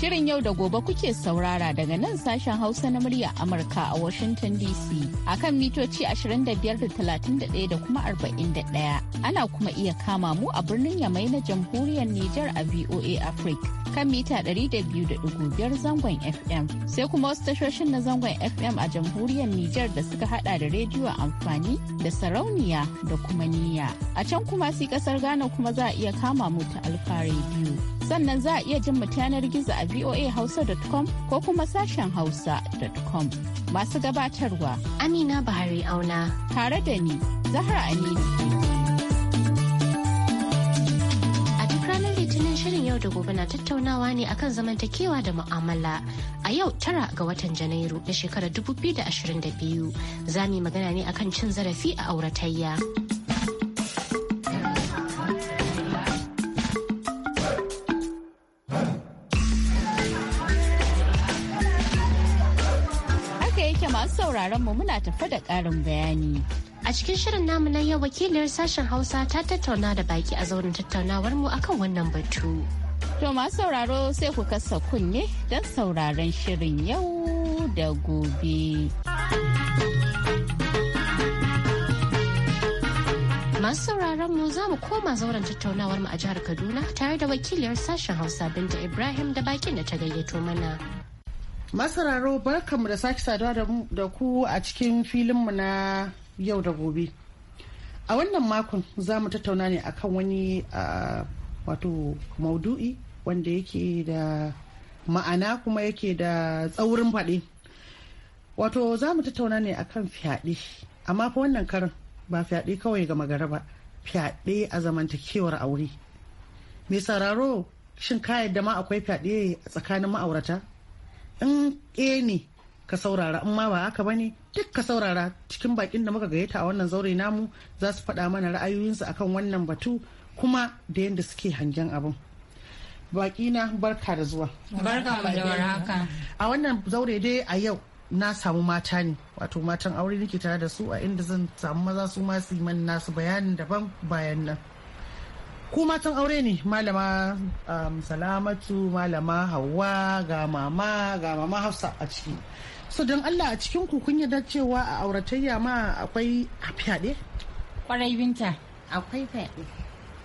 Shirin yau da gobe kuke saurara daga nan sashen Hausa na murya Amurka a Washington DC a kan mitoci 25.31 da kuma 41. Ana kuma iya kama mu a birnin Yamai na jamhuriyar Nijar a VOA Africa kan mita 200.5 zangon FM. Sai kuma wasu tashoshin na zangon FM a jamhuriyar Nijar da suka hada da rediyo amfani da sarauniya da kuma niya. A can kuma si kasar Ghana kuma za a iya kama mu ta Alfa rediyo. Sannan za a iya jin mu yanar gizo a voahausa.com ko kuma sashen hausa.com. Masu gabatarwa Amina Bahari Auna. Tare da ni, Zahra Aminu. shirin yau da gobe na tattaunawa ne akan zamantakewa da mu'amala. A yau tara ga watan Janairu na shekarar 2022 za mu yi magana ne akan cin zarafi a auratayya. mu muna tafa da ƙarin bayani. A cikin shirin namu na yau wakiliyar sashen Hausa ta tattauna da baki a zauren tattaunawar mu akan wannan batu. To masu sauraro sai ku kasa kunne don sauraron shirin yau da gobe. Masu sauraron mu za mu koma zauren tattaunawar mu a jihar Kaduna tare da wakiliyar sashen Hausa Binta Ibrahim da bakin da ta gayyato mana. masararo barkanmu da sake saduwa da ku a cikin filinmu na yau da gobe a wannan makon za mu tattauna ne akan wani wato maudu'i wanda yake da ma'ana kuma yake da tsaurin faɗi wato za mu tattauna ne akan fyaɗe amma fa wannan karin ba fyaɗe kawai ga magara ba fyaɗe a zamantakewar aure mai sararo shin ka yadda ma akwai fyaɗe tsakanin ma'aurata in e ne ka saurara in ma ba haka bane duk ka saurara cikin bakin da muka gayyata a wannan zaure namu za su faɗa mana ra'ayoyinsu akan wannan batu kuma da yadda suke hangen abin baki na barka da zuwa barka da warhaka a wannan zaure dai a yau na samu mata ne wato matan aure nake tare da su a inda zan samu maza su ma su yi nasu bayanin daban bayan nan ku matan aure ne malama um, salamatu malama hawa ga mama ga mama hafsa a ciki so don allah a cikin ku kun yarda cewa a auratayya ma akwai fyaɗe kwarai binta akwai fyaɗe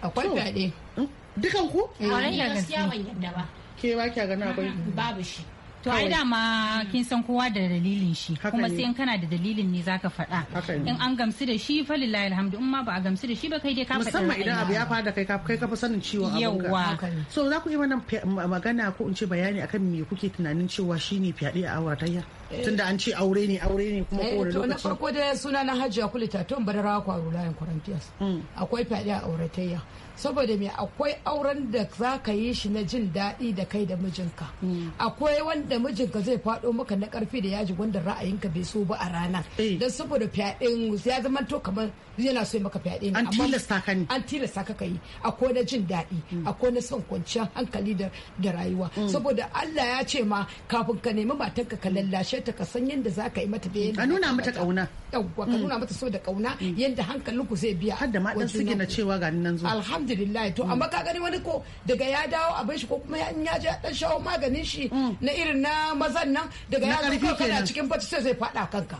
akwai fyaɗe hmm? dukan ku kwarai da eh, gaskiya ban yadda ba ke ba kya gana akwai babu shi to ai dama hmm. kin san kowa da dalilin shi kuma sai in kana da dalilin ne zaka faɗa in an gamsu da shi fa lillahi alhamdu in ma ba a gamsu da shi ba kai dai ka faɗa musamman idan abu ya da kai kai ka fi sanin ciwon abinka so za ku yi mana magana ko in ce bayani akan me kuke tunanin cewa shine fyaɗe a auratayya eh. tunda an ce aure ne aure ne kuma eh, kowane lokaci na farko da suna na hajiya kulita ton rawa kwaro layin quarantines hmm. akwai fyaɗe a auratayya saboda mai akwai auren da za ka yi shi na jin daɗi da kai da mijinka mm. akwai wanda mijinka zai faɗo maka na ƙarfi da yaji wanda ra'ayinka bai so ba a rana eh. don saboda fyaɗin ya zama to kamar yana so maka fyaɗe ne an tilasta ka an tilasta ka kai akwai na jin daɗi mm. akwai na son kwanciyar hankali da rayuwa mm. saboda Allah ya ce ma kafin ka nemi matanka ka lallashe ta ka san yadda za ka yi mata da a nuna mata ƙauna yawwa ka mm. nuna mata so da kauna mm. yadda hankalinku zai biya har da ma dan suke na cewa ga nan zuwa alhamdulillah to mm. amma ka gani wani ko daga ya dawo abin shi ko kuma ya je dan shawo maganin shi na irin na mazan nan daga ya zo kana cikin bacci sai zai fada kanka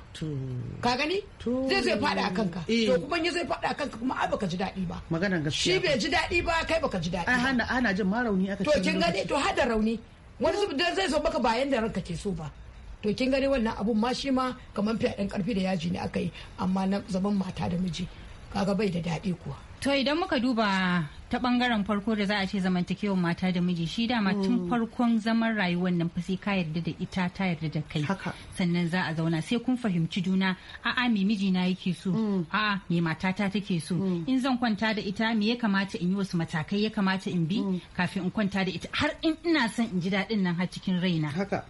ka gani zai zai fada kanka eh. to kuma ya zai fada kanka kuma ai baka ji daɗi ba maganar gaskiya shi bai ji daɗi ba kai baka ji daɗi ai ana jin ma rauni aka ce to kin gani to hada rauni wani zai zo baka bayan da ranka ke so ba to kin gani wannan abun ma shi ma kamar fyaɗen karfi da yaji ne aka yi amma na zaman mata da miji kaga bai da daɗi kuwa to idan muka duba ta bangaren farko da za a ce zamantakewar mata da miji shi dama tun mm. farkon zaman rayuwar nan fa sai ka yarda da ita ta yarda da kai sannan za a zauna sai kun fahimci juna a'a me miji na yake so mm. a'a me matata take so mm. in zan kwanta da ita me ya kamata in yi wasu matakai ya kamata in bi kafin in kwanta da ita har in ina son in ji daɗin nan har cikin raina haka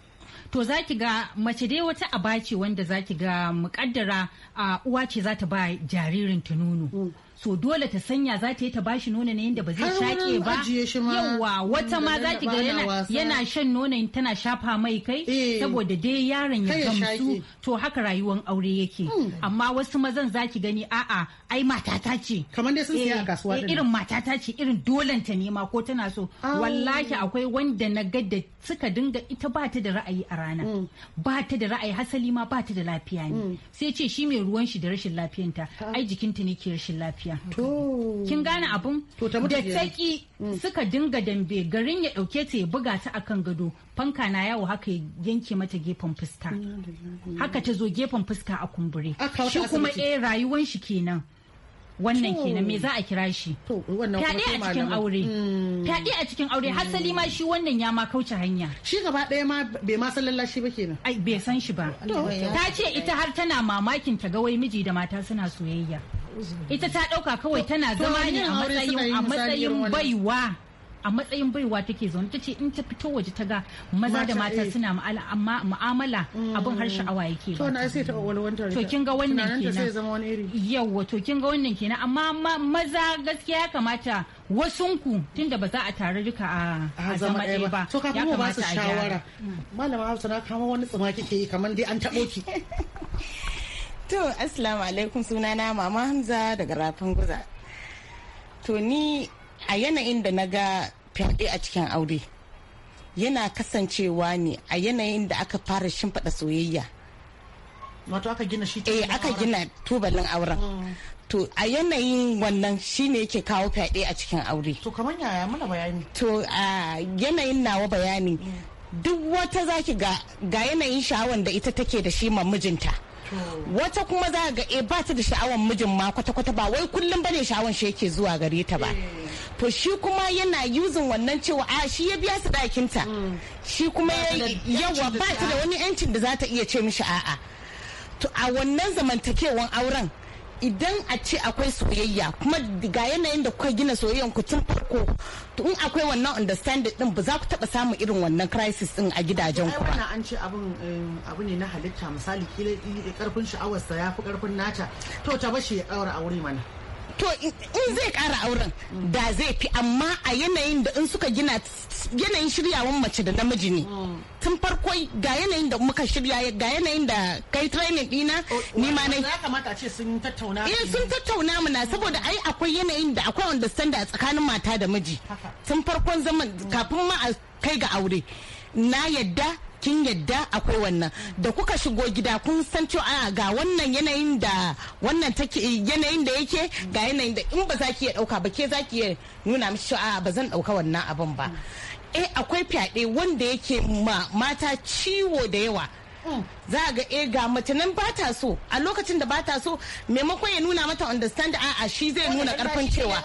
to za ki ga mace dai wata aba wanda za ki ga mukaddara uwa ce za ta ba jaririn ta nono mm. so dole ta sanya za ta yi ta bashi nono ne yadda ba zai shaƙe ba yawa wata ma za ki ga yana shan nonon tana shafa mai kai eh. saboda dai yaron ya gamsu to haka rayuwar aure yake hmm. amma wasu mazan za ki gani a'a ai matata ce kamar dai sun siya a eh, kasuwa eh, irin matata ce irin dolenta ne ma ko tana so ah. wallahi akwai wanda na ga da suka dinga ita ba ta da ra'ayi a rana hmm. ba ta da ra'ayi hasali ma ba ta da lafiya ne hmm. sai ce shi mai ruwan shi da rashin lafiyanta ah. ai jikinta ne ke rashin lafiya lafiya kin gane abun da taki mm. suka dinga dambe garin ya dauke ta ya buga ta akan gado fanka na yawo haka ya yanke mata gefen fuska haka ta zo gefen fuska a kumbure shi kuma eh rayuwan shi kenan wannan kenan me za a kira shi mm. fyaɗe a cikin aure fyaɗe a cikin aure hasali ma shi wannan ya ma kauce hanya shi gaba ɗaya ma bai ma san lallashi ba kenan ai bai san shi ba ta ce ita har tana mamakin ta ga wai miji da mata suna soyayya ita ta ɗauka kawai tana zama ne a matsayin baiwa a matsayin baiwa take zaune ta ce in ta fito waje ta ga maza da mata eh. suna mu'amala mm. abin har sha'awa yake ba. To na sai ta walwantar To kin ga wannan kenan. Yawwa to kin ga wannan kenan amma maza gaskiya ya kamata wasunku tunda ba za a tare duka a zama ɗaya ba. To ka mu ba su shawara. Malama Hausa na kama wani tsima kike yi kamar dai an taɓo ki. To, Assalamu alaikum sunana Mama Hamza daga Rafin Guza. To, ni a yanayin da na ga fyaɗe a cikin aure yana kasancewa ne a yanayin da aka fara shimfiɗa soyayya. Wato aka gina shi Eh, aka gina tubalin auren. Mm. To, a yanayin wannan shine yake kawo fyaɗe a cikin aure. To, kamar yaya mana bayani? To, a yanayin nawa bayani. Mm. Duk wata zaki ga yanayin sha'awan da ita take da shi ma mijinta. wata kuma za ga e ba ta da sha'awar mijin ma kwata-kwata ba wai kullum bane sha'awar shi yake zuwa gare ta ba eh. to shi kuma yana yuzin wannan cewa a shi ya biya su ɗakinta mm. shi kuma yawa ba ta da wani 'yancin da za ta iya ce mishi a'a to a wannan zamantakewan auren idan a ce akwai soyayya kuma ga yanayin da kuka gina soyayyan ku tun farko to in akwai wannan understanding din ba za ku taba samun irin wannan crisis din a gidajen ku ba an ce abun eh, abu ne na halitta misali kila eh, karfin sha'awarsa ya fi karfin nata to ta bashi ya a aure mana to in zai kara auren da zai fi amma a yanayin da in suka gina yanayin shiryawan mace da namiji ne tun farko ga yanayin da muka shirya ga yanayin da kai training dina ni ma ya kamata ce sun tattauna eh sun tattauna muna saboda ai akwai yanayin da akwai understanding a tsakanin mata da miji tun farkon zaman kafin ma a kai ga aure na yadda kin yadda akwai wannan da kuka shigo gida kun san cewa ah, ga wannan yanayin da wannan take yanayin da yake ga yanayin da in ba za ki iya dauka ba ke za ki nuna mishi cewa ah, ba zan dauka wannan abin ba eh akwai fyaɗe wanda yake ma mata ciwo da yawa za ga e ga mace nan ba ta so a lokacin da ba ta so maimakon ya nuna mata understand a'a shi zai nuna karfin cewa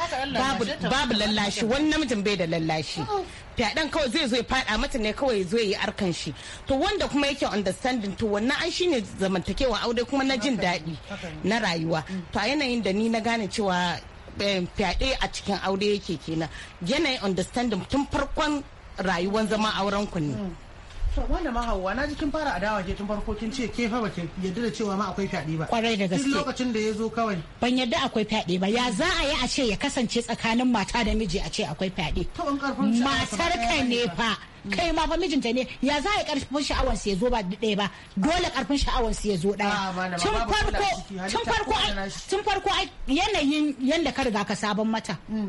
babu lallashi wani namijin bai da lallashi oh. fyaɗen kawai zai zo ya faɗa mata ne kawai zo yi arkan shi to wanda kuma yake understanding to wannan an shine zamantakewa aure kuma na jin daɗi na rayuwa mm. to a yanayin da ni na gane cewa eh, fyaɗe a cikin aure yake kenan yanayin understanding tun farkon rayuwar zama auren ku ne mm. wanda ma hawa na jikin fara adawa ke tun farko kin ce ke fa ba yadda da cewa ma akwai fyaɗe ba. Kwarai da gaske. Duk lokacin da ya zo kawai. Ban yadda akwai fyaɗe ba ya za a yi a ce ya kasance tsakanin mata da miji a ce akwai fyaɗe. Matar ka ne fa. Mm. kai ma fa mijinta ne ya za a yi karfin sha'awar ya zo ba ɗaya ba dole karfin sha'awar ya zo ɗaya tun farko tun farko tun farko yanayin yanda ka riga ka sabon mata mm.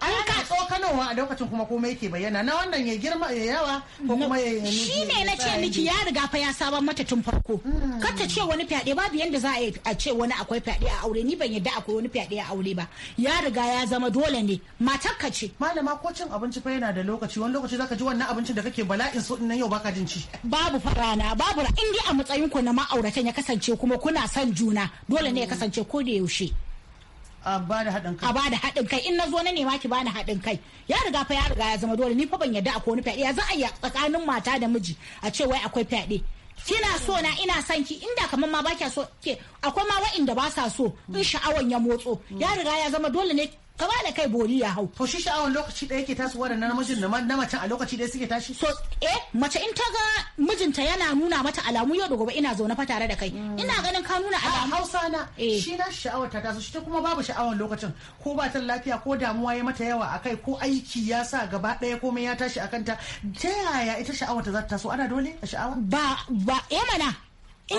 an ka tsokanowa a lokacin kuma komai ke bayyana na wannan ya girma ya yawa ko kuma ya yi shi ne na ce miki ya riga fa ya saban mata tun farko hmm. kar ta ce wani fyaɗe babu yanda za a ce wani akwai fyaɗe a aure ni ban yadda akwai wani fyaɗe a aure ba ya riga ya zama dole ne matar ka ce malama ko cin abinci fa yana da lokaci wani lokaci zaka ji wannan abincin da kake bala'in so nan yau baka jin ci babu farana babu in dai a matsayin ku na ma'auratan ya kasance kuma kuna son juna dole ne ya hmm. kasance ko da yaushe a ba da haɗin kai a ba da haɗin kai in na zo na nema ki ba haɗin kai ya riga fa ya riga ya zama dole ni fa ban yadda akwai wani fyaɗe ya za a yi tsakanin mata da miji a ce wai akwai fyaɗe kina so na ina son ki inda kamar ma baki so ke akwai ma wa'inda ba sa so in sha'awan ya motso ya riga ya zama dole ne ka ba da kai bori ya hau to shi sha'awan lokaci ɗaya ke tasowa da namijin na macen a lokaci ɗaya suke tashi so eh mace in ta ga mijinta yana nuna mata alamu yau da gobe ina zaune fa tare da kai hmm. ina ganin ka nuna alamu hausa na eh. shi na sha'awar ta taso shi ta kuma babu sha'awar lokacin ko ba ta lafiya ko damuwa ya mata yawa akai ko aiki ya sa gaba ɗaya komai ya tashi akan ta ta yaya ita sha'awar ta za ta taso ana dole a sha'awa ba ba eh mana Eh,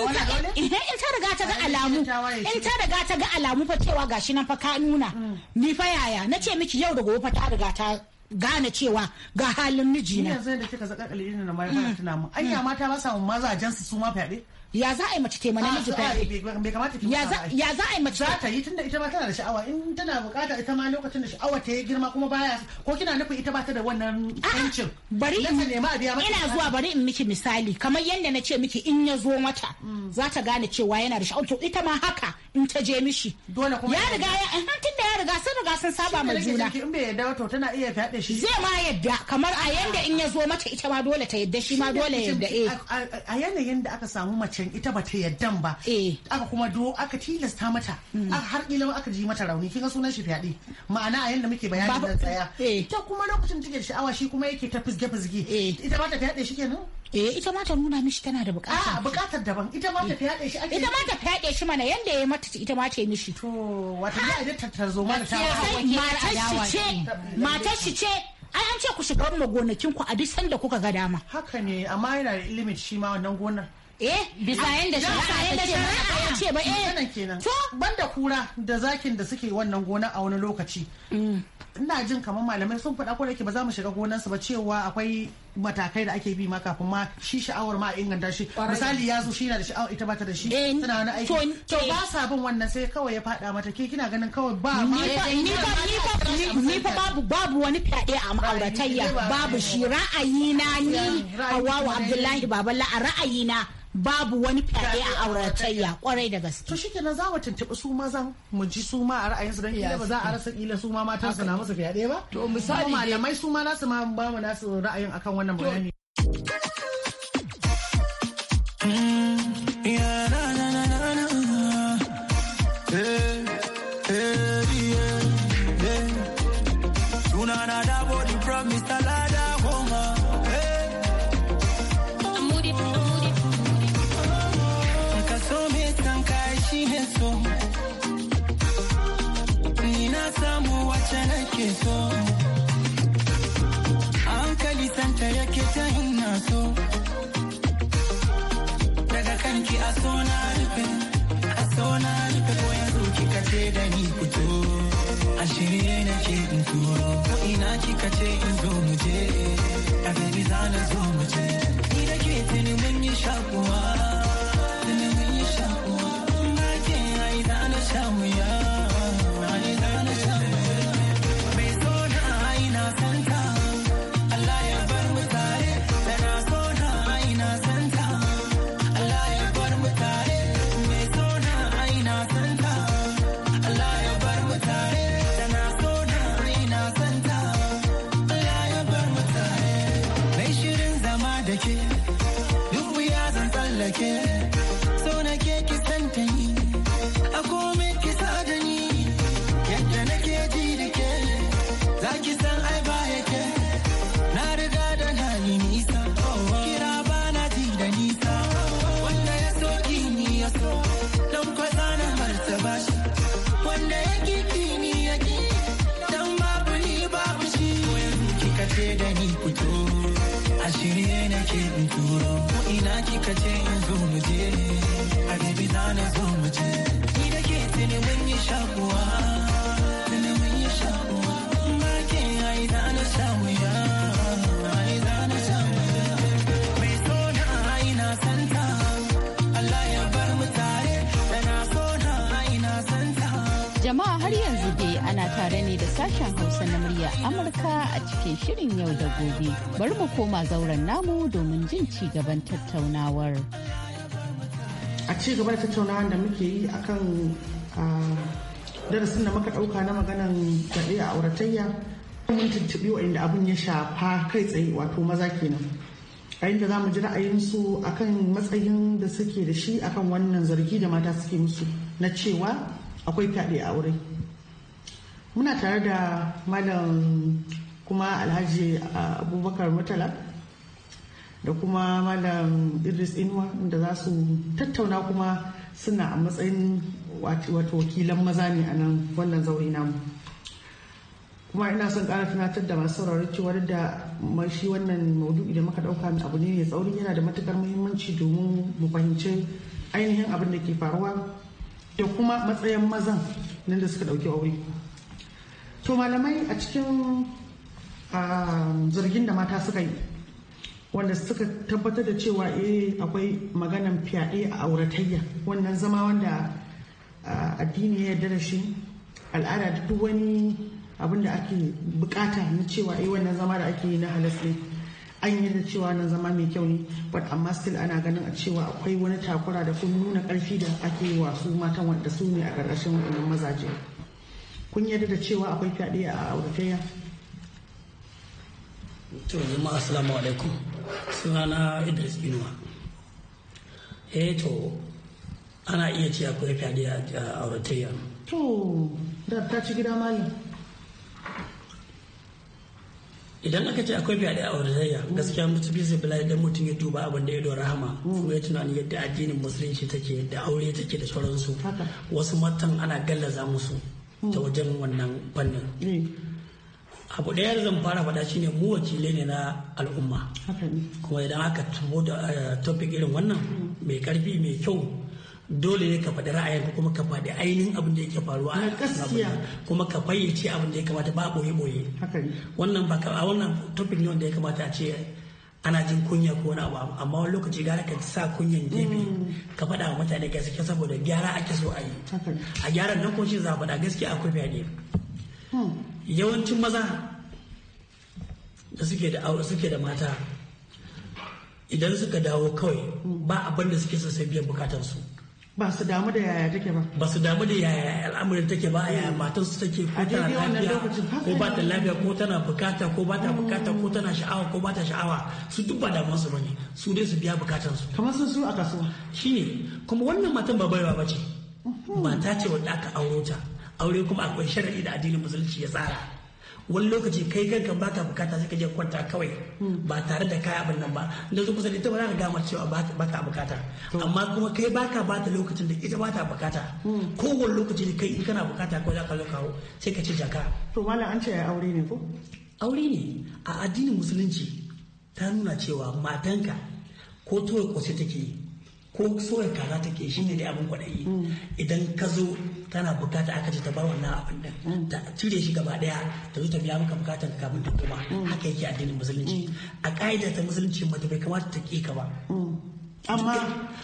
in ta riga ta ga alamu in ta riga ta ga alamu fa cewa gashi nan fa ka nuna mm. ni fa yaya na ce miki yau da gobe fa ta riga ta gane cewa ga halin mijina yanzu da kika zaka kalilin na mai tana mu anya mata ba sa mazajen su su ma fyaɗe ya za a yi mace ke mana miji fyaɗe ya za a yi mace za ta yi tunda ita ba tana da sha'awa in tana bukata ita ma lokacin da sha'awa ta yi girma kuma baya ko kina nufin ita ba ta da wannan yancin bari ina zuwa bari in miki misali kamar yadda na ce miki in ya zo mata mm. za ta gane cewa yana da sha'awa to ita ma haka in ta je mishi dole kuma ya riga ya tun da ya riga sun riga sun saba ma juna in bai yadda to tana iya fyaɗe shi zai ma yadda kamar a yadda in ya zo mata ita ma dole ta yadda shi ma dole yadda eh a yanayin da aka samu mace zuciyan ita ba ta yadda ba aka kuma do aka tilasta mata hmm. aka har kila aka ji mata rauni ga sunan shi fyaɗe ma'ana a yanda muke bayani da tsaya eh. ita kuma lokacin take sha'awa shi kuma yake ta fisge fisge. Eh. ita ba ta fyaɗe shi kenan Eh ita ma ta nuna mishi tana da bukata. Ah bukatar daban ita ma ta eh. fyaɗe shi ake. Ita ma ta fyaɗe shi mana yanda ya mata ita ma ce mishi. To wata ya da ta zo mana ta matar shi ce matar shi ce ai an ce ku shiga mu gonakin ku a duk sanda kuka ga dama. Haka ne amma yana da ilimin shi ma wannan gonar. eh bisa ah, yanda shari'a ta ce ba ya ce ba eh. to banda kura da zakin da suke wannan gona a wani lokaci mm. ina jin kamar malamai sun faɗa ko da yake ba za mu shiga gonansu ba cewa akwai matakai da ake bi ma kafin ma shi sha'awar ma a inganta shi misali ya zo shi na da sha'awar ita bata da shi eh, tana wani aiki to eh. ba sa bin wannan sai kawai ya fada mata ke kina ganin kawai ba ma ni fa babu babu wani fyaɗe a ma'auratayya babu shi ra'ayi na ni Hawwa Abdullahi Baballa a ra'ayi na babu wani fyaɗe a auratayya kwarai da gaske. To shike na za mu tuntuɓi su mazan mu ji su ma a ra'ayin su dan ba za a rasa kila su ma matan na musu fyaɗe ba. To misali malamai su ma nasu ma ba mu nasu ra'ayin akan wannan bayani. ce in zo mu je a zana zo mu je ni da ke tuni mun yi shakuwa kika ce in zo mu je habibi na na zo mu je ni da ke tuni mun yi shakuwa tuni mun yi shakuwa na samu tare ne da sashen Hausa na murya Amurka a cikin shirin yau da gobe. Bari mu koma zauren namu domin jin ci gaban tattaunawar. A ci gaba da tattaunawar da muke yi akan darasin da muka ɗauka na maganan zaɓe a auratayya mun tuntuɓi waɗanda abin ya shafa kai tsaye wato maza kenan. a inda za mu ji ra'ayinsu akan matsayin da suke da shi akan wannan zargi da mata suke musu na cewa akwai fyaɗe a aure muna tare da malam kuma alhaji abubakar mutala da kuma malam idris inuwa da za su tattauna kuma suna a matsayin wato wakilan maza ne a nan wannan zaure namu kuma ina son kara tunatar da masu saurari cewar da shi wannan maudu'i da muka ɗauka abu ne mai tsauri yana da matukar muhimmanci domin mu fahimci ainihin abin da ke faruwa da kuma matsayin mazan nan da suka ɗauki aure to malamai a cikin um, zargin da mata suka yi wanda suka tabbatar da cewa eh akwai maganan fyaɗe a auratayya wannan zama wanda addini ya yarda da shi al'ada duk wani abin da ake bukata na cewa eh wannan zama da ake yi na halas ne an yi da cewa na zama mai kyau ne but amma still ana ganin a cewa akwai wani takura da kun nuna karfi da ake yi wa su matan wanda su ne a wannan mazaje. kun yarda da cewa akwai fyaɗe a auratayya to jama'a assalamu alaikum sunana idris inuwa eh to ana iya ce akwai fyaɗe a auratayya to da ta ci gida mali. idan aka ce akwai fyaɗe a auratayya gaskiya mutu bisa bila idan mutum ya duba abin da ya don rahama mm. kuma ya tunani yadda addinin musulunci take da aure take da sauransu wasu matan ana gallaza musu ta wajen wannan fannin eh. abu ɗaya da zan fara faɗa shine mu wakilai ne na al'umma kuma idan aka tubo da eh, topic irin wannan mai karfi mai kyau dole ne ka faɗi ra'ayin kuma ka faɗi ainihin abin da yake faruwa kuma ka fayyace abin da ya kamata ba boye boye wannan ba a wannan topic ne wanda ya kamata a ce ana jin kunya ko wani abu amma wani lokaci gara ka sa kunyan gefe mm. ka faɗa wa mutane gaskiya saboda gyara ake so a yi a gyaran nan ko shi za faɗa a akwai ne. Hmm. yawancin maza da suke da suke da mata idan suka dawo kawai ba abin da suke so sai biyan bukatansu ba su damu da yaya take ba ba su damu da yaya al'amarin take ba yaya matan su take ko tana lafiya ko ba ta lafiya ko tana bukata ko ba ta bukata ko tana sha'awa ko ba ta sha'awa su duk ba damuwar su bane su dai su biya bukatan su kamar sun su a kasuwa shine kuma wannan matan ba baiwa bace mata ce wanda aka auro ta aure kuma akwai sharadi da addinin musulunci ya tsara wani lokaci kai kanka ba ka bukata sai ka je kwanta kawai ba tare da kaya abin nan ba da su kusa da ita ba za ka gama cewa ba ka bukata amma kuma kai ba ka bata lokacin da ita ba ta bukata hmm. kowane lokaci da kai in kana bukata kawai za ka zo kawo sai ka ce jaka. to malam an ce aure ne ko. aure ne a addinin musulunci ta nuna cewa matanka ko tuwar kwasai take ko surar kaza take shi ne dai abin kwaɗayi mm. idan ka zo tana bukata aka ce ta bar wannan abin din mm. ta cire shi gaba daya ta zo ta biya maka bukatar kafin ta koma mm. haka yake addinin musulunci a ƙa'ida ta musulunci mata bai kamata ta ƙi ka ba amma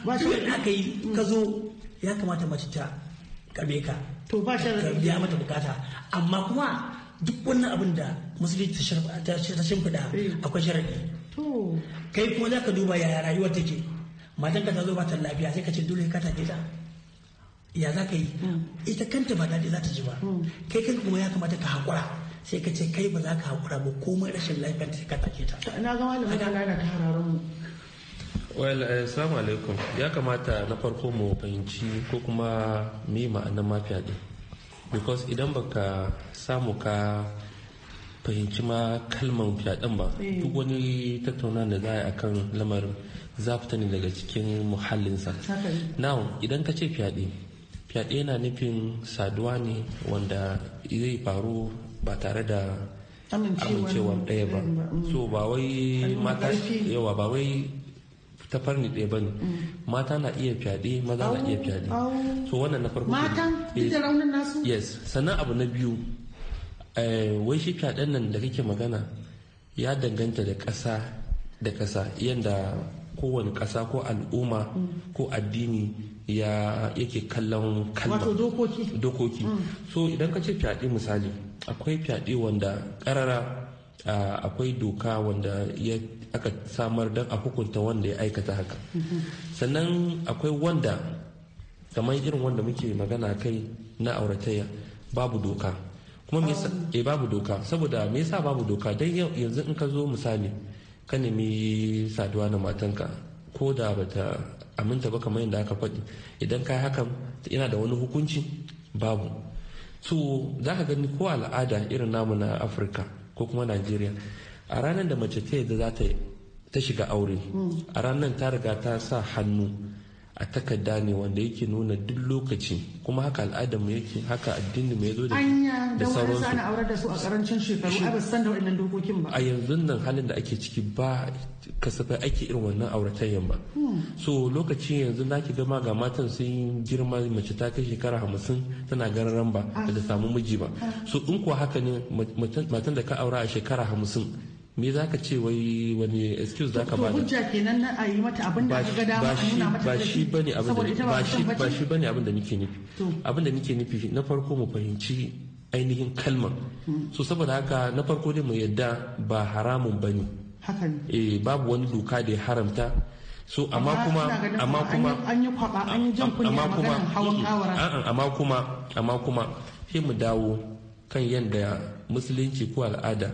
ba shi aka yi ka zo ya kamata mace ta karbe ka to ba shi ka biya mata bukata amma kuma duk wannan abin da musulunci ta shimfiɗa eh. akwai sharaɗi kai kuma za ka duba yaya rayuwar take matan ka ta zo bata lafiya sai ka ce dole ka take ta ya za ka yi mm. ita kanta ba daɗi za ta ji ba mm. kai kanka kuma ya kamata ka haƙura sai ka ce kai ba za ka haƙura ba komai rashin lafiyar ta ka take ta. Ina ga malamin ka gane ta hararin mu. Well, eh, assalamu alaikum. Ya kamata na farko mu fahimci ko kuma mu yi ma'anar mafiya ɗin. Because idan baka samu ka fahimci ma kalmar fyaɗen ba eh. duk wani tattauna da za a yi akan lamarin za fita ne daga cikin muhallinsa now idan ka ce fyaɗe fyaɗe yana nufin saduwa ne wanda zai faru ba tare da amincewa ɗaya ba mm. so ba wai mata yawa ba wai ta farni ɗaya ba ne mm. mata na iya fyaɗe maza na iya fyaɗe so wannan na farko mata duk da raunin nasu yes sannan abu na biyu Eh, wai shi fyaɗen nan da kake magana ya danganta da ƙasa da ƙasa yadda kowane ƙasa ko al'umma ko addini ya yake kallon kalma wato dokoki dokoki mm. so idan ka ce fyaɗe misali akwai fyaɗe wanda ƙarara akwai doka wanda ya aka samar don a hukunta wanda ya aikata haka mm-hmm. sannan akwai wanda kamar irin wanda muke magana kai na auratayya babu doka kuma me yasa eh babu doka saboda me yasa babu doka dan yanzu in ka zo misali ka nemi saduwa da matanka ko da bata aminta ba kamar yadda aka faɗi idan ka hakan ina da wani hukunci babu so za ka gani ko al'ada irin namu na afirka ko kuma najeriya a ranar da mace ta yadda za ta shiga aure mm. a ranar ta riga ta sa hannu a takarda ne wanda yake nuna duk lokaci kuma haka al'adar mu yake haka addinin mu zo da da sauran su su a karancin yanzu nan halin da ake ciki ba kasafai ake irin wannan auratayyan ba hmm. so lokaci yanzu naki gama gama ga matan sun yi girma mace ta kai shekara hamsin tana gararan ba da ah. samu miji ba ah. so in kuwa haka ne matan da ka aura a shekara hamsin me za ka ce wai wani excuse za ka bada hujja kenan na a da aka ga dama ba shi da ba shi ba shi nufi abin da muke nufi na farko mu fahimci ainihin kalmar hmm. so saboda haka na farko dai mu yadda ba haramun bane hakan eh, babu wani doka da ya haramta so amma kuma amma kuma an yi kwaba an yi kunya maganar hawan eh, kawara amma kuma amma kuma sai mu dawo kan yadda musulunci ko al'ada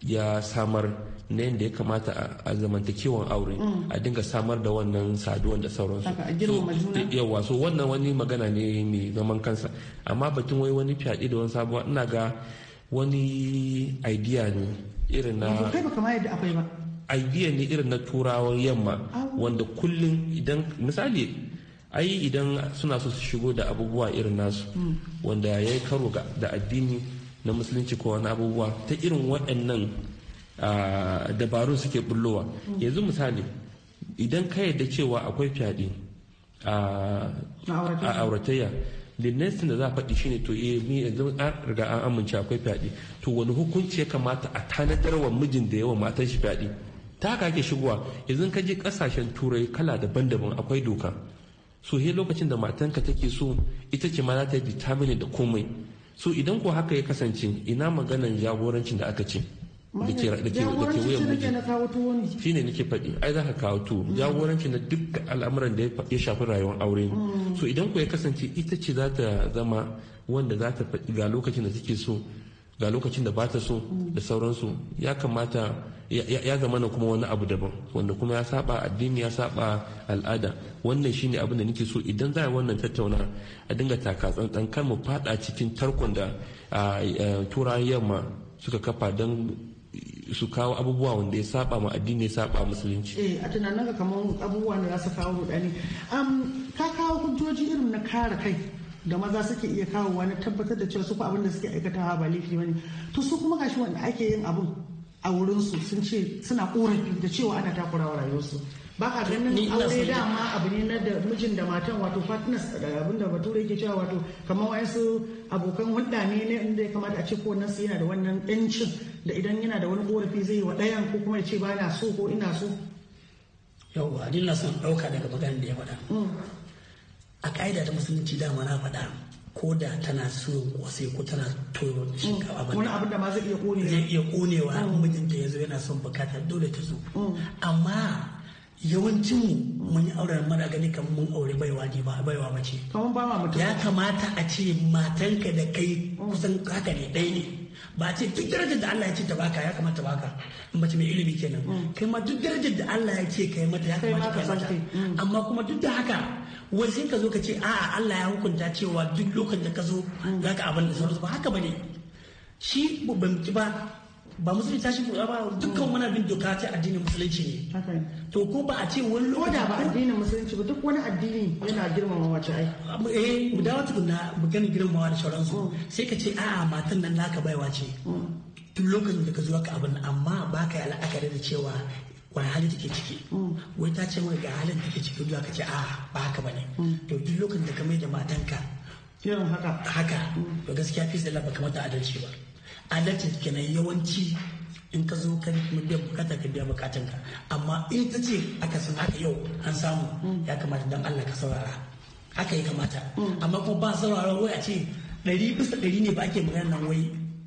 ya samar na yadda ya kamata a zamantakewan aure mm. a dinga samar da wannan saduwan da sauransu yawa so wannan wani magana ne mai zaman kansa amma batun wai wani fyaɗe da wani sabuwa ina ga wani idea ne irin na idea ne irin na turawan yamma wanda kullum idan misali ai idan suna so su shigo da abubuwa irin nasu mm. wanda ya yi karo da addini na musulunci ko wani abubuwa ta irin waɗannan dabarun suke bullowa yanzu misali idan ka yarda cewa akwai fyaɗe a auratayya the da za a faɗi shine to eh mi yanzu an riga an amince akwai fyaɗe to wani hukunci ya kamata a tanadar wa mijin da yawa matar shi fyaɗe ta haka ake shigowa yanzu ka je ƙasashen turai kala daban-daban akwai doka so he lokacin da matanka take so ita ce ma za ta yi da komai so idan ko haka ya kasance ina maganan jagorancin da aka ce da ke wuyan muji shi ne nake faɗi ai za ka kawo tu mm. jagoranci na duk al'amuran da ya shafi rayuwar aure ne mm. so idan ko ya kasance ita ce za ta zama wanda za ta faɗi ga lokacin da take so ga lokacin da bata so da sauransu ya kamata ya zama na kuma wani abu daban wanda kuma ya saba addini ya saba al'ada wannan shine abin da nake so idan za a wannan tattauna a dinga taka dan kan mu fada cikin tarkon da turayen yamma suka kafa don su kawo abubuwa wanda ya saba ma addini ya saba musulunci. Eh a tunanin ka kamar abubuwa ne za su kawo rudani. ka kawo hujjoji irin na kare kai da maza suke iya kawo wani tabbatar da cewa su fa abin da suke aikata ba laifi bane to su kuma gashi wanda ake yin abun a wurin su sun ce suna korafi da cewa ana takurawa rayuwarsu ba ka ganin aure dama abu ne na da mijin da matan wato partners da abin da bature yake cewa wato kamar wa'ansu abokan hulɗa ne ne inda ya kamata a ce ko nan yana da wannan yancin da idan yana da wani korafi zai yi wa ɗayan ko kuma ya ce ba na so ko ina so yawwa duk ɗauka daga maganar da ya faɗa mm. a ka'ida ta musulunci dama na faɗa ko da tana suyin kosai ko tana toyo shinkafa ba wani abin da ma zai iya kone zai iya konewa mm. mijinta ya zo yana son bukata dole ta zo mm. amma yawancin mu mun yi auren mara gani kamar mun aure baiwa ne ba baiwa ba ya kamata a ce matanka da kai mm. kusan haka ne ɗaya ne ba ce duk darajar da Allah ya ce ta baka ya kamata baka mace mai ilimi kenan kai ma duk darajar da Allah ya ce kai mata ya kamata kai mata amma kuma duk da haka wai sai ka zo ka ce a'a Allah ya hukunta cewa duk lokacin da ka zo za ka abin da sauransu ba haka bane shi ban ki ba ba musulunci ta shi ba dukkan muna bin doka ta addinin musulunci ne to ko ba a ce wani lokaci da ba addinin musulunci ba duk wani addini yana girmama wace ai eh mu dawo tukunna mu gani girmamawa da sauransu mm. sai ka ce a'a matan nan naka baiwa ce tun mm. lokacin da ka zo ka abin amma ba ka yi al'akari da cewa wani hali take ciki wai ta ce wai ga halin take ciki zuwa ka ce a ah, ba haka bane to duk lokacin da ka mai da matanka irin haka haka to gaskiya fi sai ba kamata adalci ba adalci kenan yawanci in ka zo ka biya bukata ka biya bukatan ka amma in ta ce aka san haka yau an samu ya kamata dan Allah ka saurara haka ya kamata amma kuma ba saurara wai a ce ɗari bisa ɗari ne ba ake magana nan wai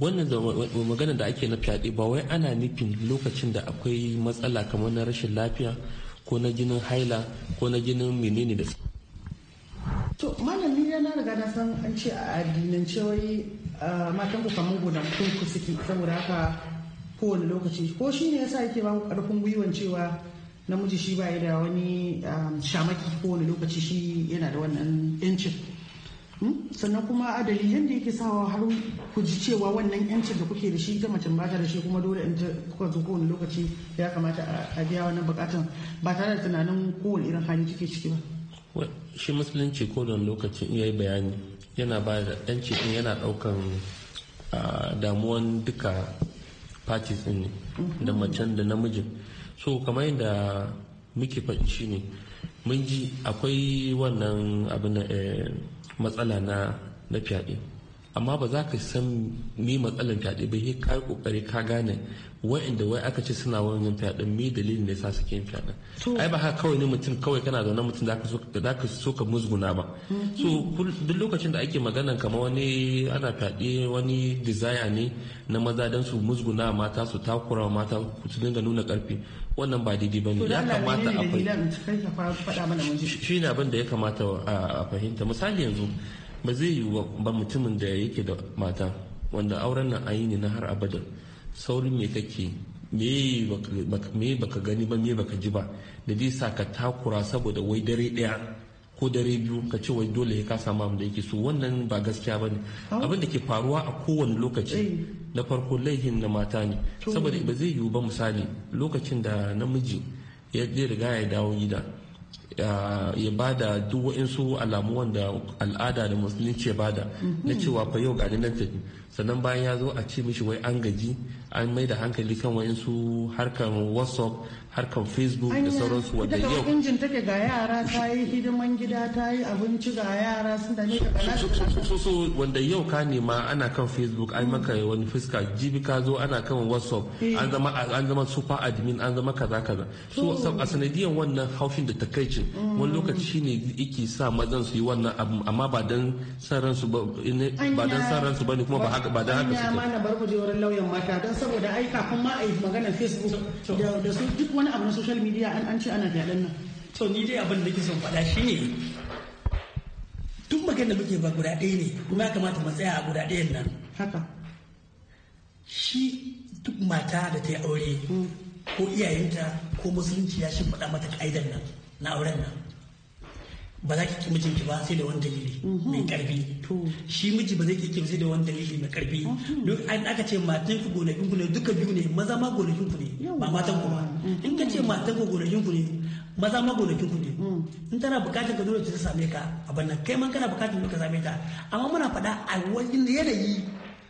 wannan magana da ake na fyaɗe ba wai ana nufin lokacin da akwai matsala kamar na rashin lafiya ko na jinin haila ko na jinin menene da to malami ya na daga na san an ce a addinance wai matan ku kamar gudan ku suke saboda haka kowane lokaci ko shi ne yasa yake ba karfin gwiwan cewa namiji shi ba da wani um, shamaki kowane lokaci shi yana da wannan yancin Hmm? sannan kuma a yadda da yake sawa har ku ji cewa wannan yancin da kuke da shi ta macen ba ta da shi kuma dole in ta kuka zo kowane lokaci ya kamata a biya wannan bukatan ba tare da tunanin kowane irin hali kike ciki ba shi musulunci kowane lokaci ya yayi bayani yana ba da yanci din yana daukan damuwan duka parties din ne mm-hmm. da macen da namijin so kamar yadda muke faɗi ne mun ji akwai wannan abin eh, matsala na na fyaɗe amma ba za ka san me matsalar fyaɗe ba ka yi ƙoƙari ka gane wa'inda wai aka ce suna wannan fyaɗen me dalilin da sa suke yin fyaɗen ai ba haka kawai ne mutum kawai kana zaune mutum da ka so ka musguna ba mhm. so duk lokacin da ake magana kamar wani ana fyaɗe wani desire ne na maza don su musguna mata su takura mata su dinga nuna karfi wannan ba daidai ba ne ya kamata a fahimta shi ne abin da ya kamata a fahimta misali yanzu ba zai yiwu ba mutumin da ya yake da mata wanda auren nan ayi ne na har abada saurin me kake me baka gani ba me baka ji ba da zai sa ka takura saboda wai dare daya ko dare biyu ka ce wai dole ka samu abin da yake so wannan ba gaskiya ba ne abin da ke faruwa a kowane lokaci na farko laihin na mata ne saboda ba zai yiwu ba misali lokacin da namiji ya riga ya dawo gida ya bada duk wa'insu alamu wanda al'ada da musulunci ya bada na mhm. cewa fa yau gani nan tafi sannan bayan ya zo a ce mishi wai an gaji an mai da hankali kan wa'insu harkar whatsapp harkar facebook da sauransu wanda yau injin take ga yara ta yi hidiman gida ta yi abinci ga yara sun da ne so so wanda yau ka nema ana kan facebook ai maka wani fuska jibi ka zo ana kan whatsapp eh. an zama an zama super admin an zama kaza kaza so a sanadiyan wannan haushin da takaicin mm. wani lokaci shine yake sa mazan su yi wannan abu amma ba dan san ransu ba ba dan san ransu bane kuma ba haka ba dan haka su ne amma na bar ku je wurin lauyan mata don saboda ai kafin ma a yi Facebook da su duk wani abu na social media an ce ana fyaɗen nan to ni dai abin da ke son faɗa shi ne duk da muke ba guda ɗaya ne kuma ya kamata mu tsaya a guda ɗayan nan haka shi duk mata da ta yi aure hmm. ko iyayenta ko musulunci ya shimfiɗa mata ka'idan nan na auren nan ba za ki ki mijinki ba sai da wani dalili mhm. mai karfi shi miji ba zai ki ki sai da wani dalili mai karfi mhm. duk an aka ce matan ku gonakin ku ne duka biyu ne maza ma gonakin ku ne ba matan ku ba in ka ce mhm. matan ku gonakin ku ne maza ma gonakin ku ne in tana bukatar ka dole ta same ka a banna kai man kana bukatar ka same ta amma muna faɗa a wani yanayi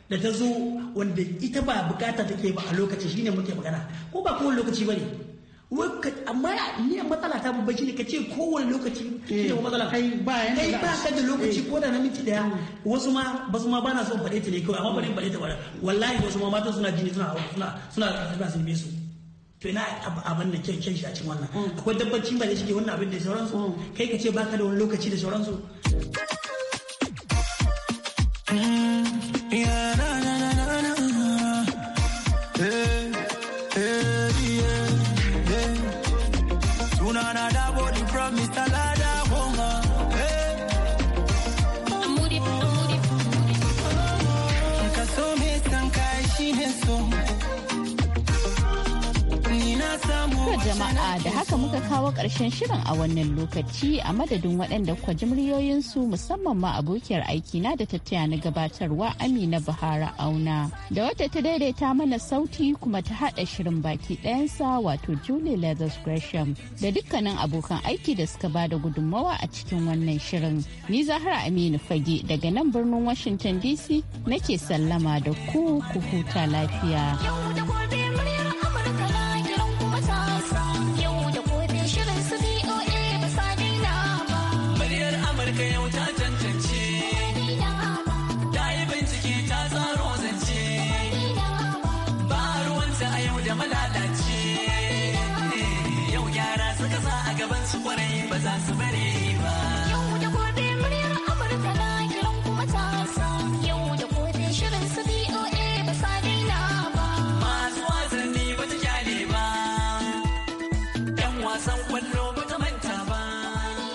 da ta zo wanda ita ba bukata take ba a lokacin shine muke magana ko ba kowane lokaci bane amma ni matsala ta babbaci ne ka ce kowane lokaci shine eh. matsala kai ba kai ba ka da lokaci eh. ko da namiji daya wasu ma su ma bana son faɗe ta ne kawai amma bari faɗe ta bara wallahi wasu ma matan suna jini suna suna suna suna sun su to ina abin da kyan shi a cikin wannan mm. akwai dabbaci ba da shi ke wannan abin da sauransu mm. kai ka ce ba ka da wani lokaci da sauransu. kawo ƙarshen shirin a wannan lokaci a madadin waɗanda kwa ji musamman ma abokiyar aiki na da ta taya na gabatarwa Amina Buhari Auna. Da wata ta daidaita mana sauti kuma ta haɗa shirin baki ɗayansa wato Julie Leathers Gresham da dukkanin abokan aiki da suka ba da gudunmawa a cikin wannan shirin. Ni Zahra Aminu Fage daga nan birnin Washington DC nake sallama da ku ku huta lafiya.